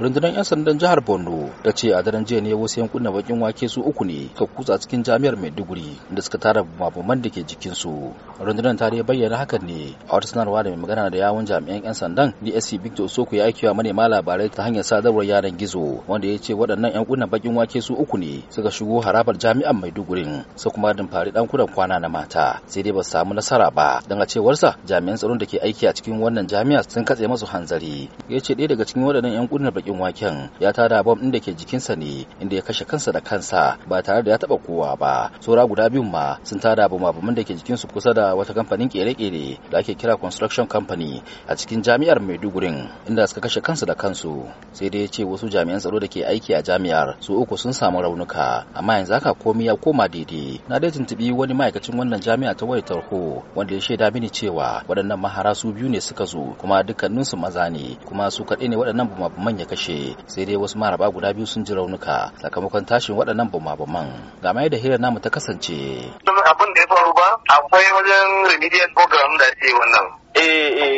rundunar 'yan sandan jihar borno da ce a daren jiya ne wasu yankunan bakin wake su uku ne ka kutsa cikin jami'ar maiduguri da suka tara mabuman da ke jikinsu rundunar ta dai bayyana hakan ne a wata sanarwa da mai magana da yawun jami'an 'yan sandan dsc victor soko ya aiki wa manema labarai ta hanyar sadarwar yaran gizo wanda ya ce waɗannan yankunan bakin wake su uku ne suka shigo harabar jami'an maiduguri su kuma din fari dan kudan kwana na mata sai dai ba su samu nasara ba dan a cewarsa jami'an tsaron da ke aiki a cikin wannan jami'a sun katse masu hanzari ya ce ɗaya daga cikin waɗannan yankunan bakin bakin waken ya tada bom ɗin da ke jikinsa ne inda ya kashe kansa da kansa ba tare da ya taba kowa ba saura guda biyun ma sun tada bumabumin da ke jikinsu kusa da wata kamfanin kere-kere da ake kira construction company a cikin jami'ar maidugurin inda suka kashe kansu da kansu sai dai ya ce wasu jami'an tsaro da ke aiki a jami'ar su uku sun samu raunuka amma yanzu haka komai ya koma daidai na dai tuntubi wani ma'aikacin wannan jami'a ta wayar tarho wanda ya shaida mini cewa waɗannan mahara su biyu ne suka zo kuma dukkaninsu maza ne kuma su kaɗai ne waɗannan bumabuman ya kashe sai dai wasu maraba guda biyu sun ji raunuka sakamakon tashin waɗannan bama-baman ga mai da hira namu ta kasance abin da ya faru ba akwai wajen remedial program da ce wannan eh eh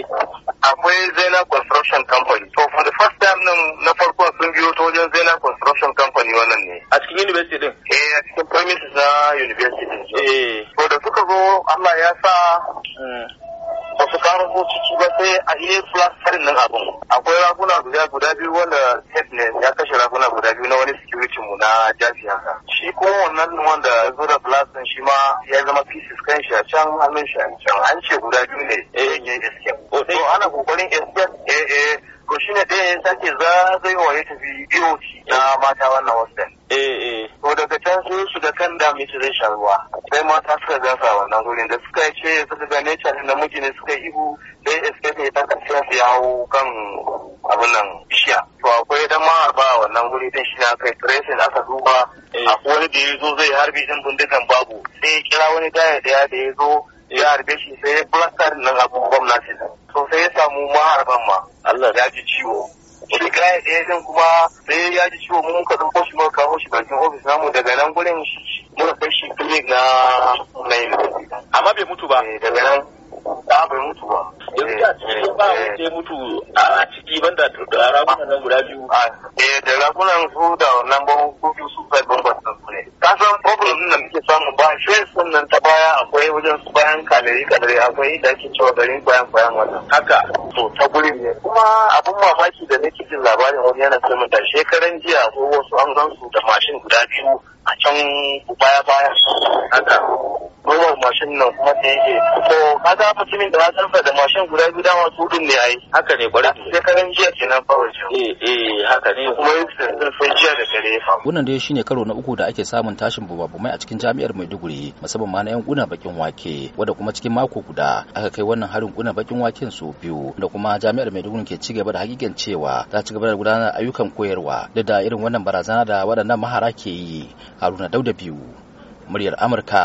akwai zena construction company so for the first time nan na farko sun biyo ta wajen zena construction company wannan ne a cikin university din eh a cikin premises na university eh so da suka zo Allah ya sa mm. ba su kama ko ciki ba sai a iya plastarin nan abin akwai raguna guda guda biyu wanda head ne ya kashe raguna guda biyu na wani security mu na jafi haka shi kuma wannan wanda zo da plastin shi ma ya zama pieces kan shi a can hannun shi a can an ce guda biyu ne eh ya escape to ana kokarin escape a eh, eh to ne ɗaya ya sake zagayowa ya tafi DOT e na mata wannan hostel Ko sai ya kan da shi zai sharuwa ruwa sai mata suka gasa wannan gurin da suka ce suka ga ne can da miji ne suka ihu sai ne ta kasiya su yawo kan abin nan bishiya to akwai dan ma ba wannan guri din shi na kai tracing aka duba eh. akwai wani da ya zo zai harbi din bindigan babu sai kira wani gaya daya da ya zo eh. ya harbe shi sai ya blaster nan abubuwan nashi to sai ya samu maharban ma Allah ya ji ciwo shi kaya ɗaya zan kuma sai ya ji ciwo mun ka ɗauko shi muka kawo shi bakin ofis namu daga nan gurin muka kai shi clinic na nayin amma bai mutu ba eh, daga nan a bai mutu ba yanzu da cikin ba eh, wanda ya mutu a ciki ban da ragunan nan guda biyu eh da ragunan su da wannan ba su biyu su kai bambanta su ne ka san problem din da muke samu ba shi sannan ta baya wajen su bayan kalari kalari akwai da ake cewa garin bayan bayan wannan haka to ta guri ne kuma abun mamaki da nake jin labarin wani yana sai da shekaran jiya ko wasu an gan su da mashin guda biyu a can baya baya haka mashin nan kuma da yake to ga mutumin da ya tsarfa da mashin guda biyu dama su hudun ne ai haka ne kwarai sai karan jiya kenan fa wajen eh eh haka ne kuma sai jiya da dare fa wannan dai shine karo na uku da ake samun tashin mai a cikin jami'ar Maiduguri musamman ma na yan kuna bakin wake wanda kuma cikin mako guda aka kai wannan harin kuna bakin waken su biyu da kuma jami'ar Maiduguri ke cigaba da hakikan cewa ta cigaba da gudanar ayyukan koyarwa da da irin wannan barazana da waɗannan mahara ke yi Haruna Dauda biyu muryar Amurka